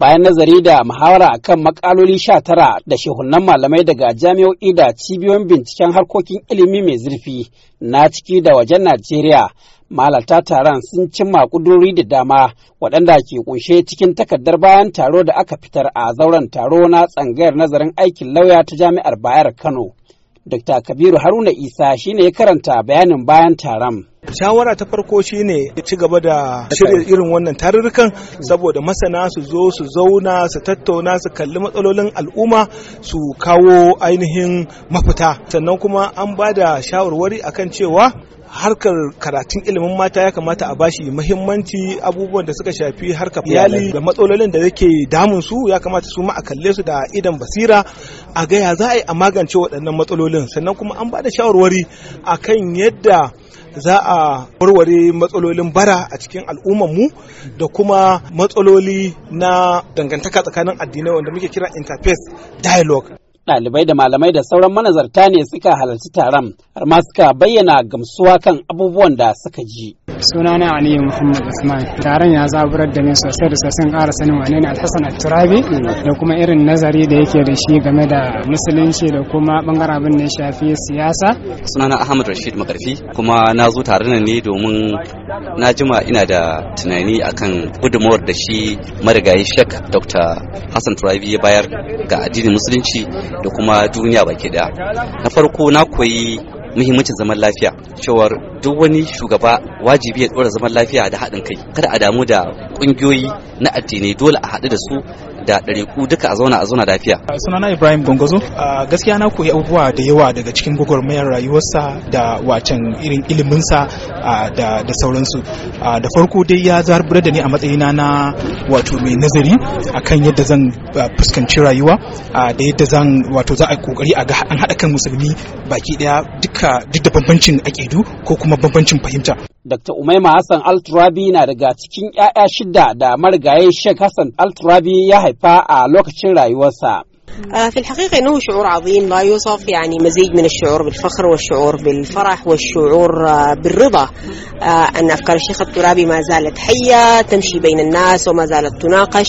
bayan nazari da muhawara akan makaloli sha tara da shehunan malamai daga jami'o'i da cibiyoyin binciken harkokin ilimi mai zurfi na ciki da wajen Najeriya malata taron sun cimma ƙuduri da dama waɗanda ke ƙunshe cikin takardar bayan taro da aka fitar a zauren taro na tsangayar nazarin aikin lauya ta jami'ar Bayar Kano. Dr. Kabiru Haruna Isa shine ya karanta bayanin bayan taron. shawara ta farko shine ya ci gaba da shirya irin wannan tarurrukan saboda masana su zo su zauna su tattauna su kalli matsalolin al'umma su kawo ainihin mafita sannan kuma an ba da shawarwari akan cewa harkar karatun ilimin mata ya kamata a bashi muhimmanci abubuwan da suka shafi harkar iyali da matsalolin da yake damun su ya kamata su ma a kalle su da idan basira a ga ya za a yi a magance waɗannan matsalolin sannan kuma an ba da shawarwari akan yadda za a warware matsalolin bara a cikin mu da kuma matsaloli na dangantaka tsakanin addinai wanda muke kira interface dialogue ɗalibai da malamai da sauran manazarta ne suka halarci taron har ma suka bayyana gamsuwa kan abubuwan da suka ji. sunana aliyu muhammad usman taron ya zaburar da ni sosai da sosai kara sanin wane ne alhassan turabi da kuma irin nazari da yake da shi game da musulunci da kuma bangaren abin da ya shafi siyasa sunana ahmad rashid makarfi kuma na zo taron ne domin na jima ina da tunani akan gudummawar da shi marigayi shek dr hassan turabi ya bayar ga addinin musulunci da kuma duniya baki daya na farko na koyi muhimmancin zaman lafiya cewar duk wani shugaba wajibi ya dora zaman lafiya da haɗin kai kada a damu da ƙungiyoyi na addinai dole a haɗu da su da ku duka a zauna a zauna lafiya. sunana ibrahim gongozo gaskiya na koyi abubuwa da yawa daga cikin gwagwarmayar rayuwarsa da wacan irin iliminsa da da sauransu da farko dai ya zarbar da ni a matsayina na wato mai nazari akan yadda zan fuskanci rayuwa da yadda zan wato za a kokari a ga an haɗa kan musulmi baki ɗaya duka duk da bambancin aƙidu ko kuma bambancin fahimta Dr. Umaima Hassan Al-Turabi na daga cikin ƴaƴa shida da marigayi Sheikh Hassan Al-Turabi ya haifa a lokacin rayuwarsa. آه، في الحقيقة إنه شعور عظيم لا يوصف يعني مزيج من الشعور بالفخر والشعور بالفرح والشعور آه، بالرضا آه، أن أفكار الشيخ الترابي ما زالت حية تمشي بين الناس وما زالت تناقش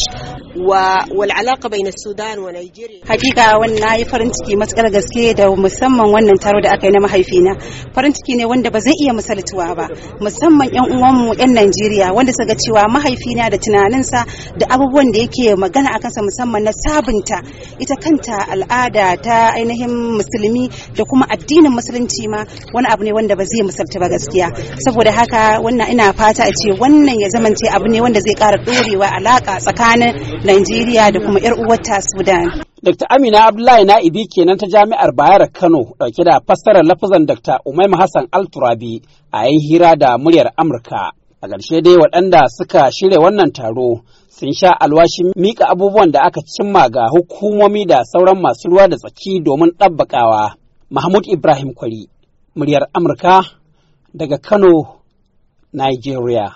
walalaka wal alaka Sudan wa Nigeria hakika wannan nayi farin ciki gaske da musamman wannan taro da aka yi na mahaifina farin ciki ne wanda ba zai iya misaltuwa ba musamman yan uwanmu yan Najeriya wanda ga cewa mahaifina da tunaninsa da abubuwan da yake magana a kansa musamman na sabunta ita kanta al'ada ta ainihin musulmi da kuma addinin musulunci ma wani abu ne wanda ba zai misalta ba gaskiya saboda haka wannan ina fata a ce wannan ya zamance abu ne wanda zai kara dorewa alaka tsakanin Najeriya da kuma 'yar uwarta Sudan. Dr. Amina Abdullahi Na'ibi kenan ta Jami'ar Bayar Kano dauke da fassarar lafazan Dr. Umaima Hassan Alturabi a yayin hira da muryar Amurka. A ƙarshe dai waɗanda suka shirya wannan taro sun sha alwashin mika abubuwan da aka cimma ga hukumomi da sauran masu ruwa da tsaki domin ɗabbakawa. Mahmud Ibrahim Kwari, muryar Amurka daga Kano, Nigeria.